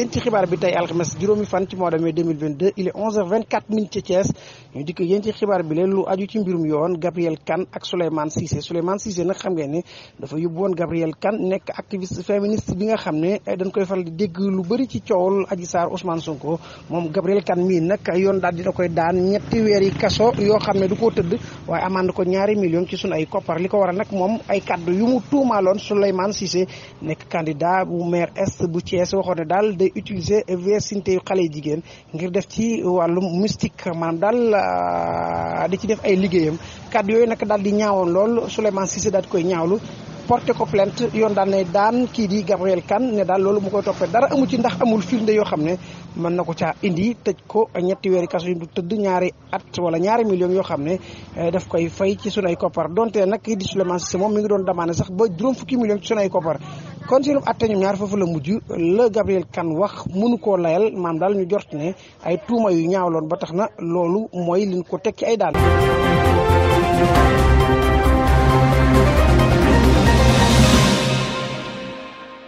yéen ci xibaar bi tey alxames juróomi fan ci mois de mai 2022 il est 11 h ci Thiès ñu dikk yéen ci xibaar bi leen lu aju ci mbirum yoon Gabriel Kane ak Souleymane Cissé Souleymane Cissé nag xam ngeen ne dafa yóbbu woon Gabriel Kane nekk activiste féministe bi nga xam ne eh, dañ koy faral dégg lu bëri ci coowul Adji Sarr Ousmane Sonko moom Gabriel Kane mii nag yoon daal dina koy daan ñetti weer yi kaso yoo xam ne du ko tëdd waaye amande ko ñaari million ci sunu ay koppar li ko waral nag moom koy utiliser virginité yu xale yi jigéen ngir def ci wàllum mystique maanaam daal ah, di ci def ay liggéeyam kàddu yooyu nag daal di ñaawoon lool Souleymane Cissé daal di koy ñaawlu porté ko plainte yoon daal ne daan kii di Gabriel Kane ne daal loolu mu koy toppee dara amu ci ndax amul firnde yoo xam ne mën na ko caa indi tëj ko ñetti weeri kaso yu du tëdd ñaari at wala ñaari millions yoo xam ne eh, daf koy fay ci sunay koppar donte nag kii di Souleymane Cissé doon demandé sax ba juróom fukki millions ci sunay koppar kon seenum atte ñoom ñaar foofu la mujj la Gabriel Kane wax mënu koo layal maam daal ñu jort ne ay tuuma yu ñaawloon ba tax na loolu mooy liñ ko teg ci ay daan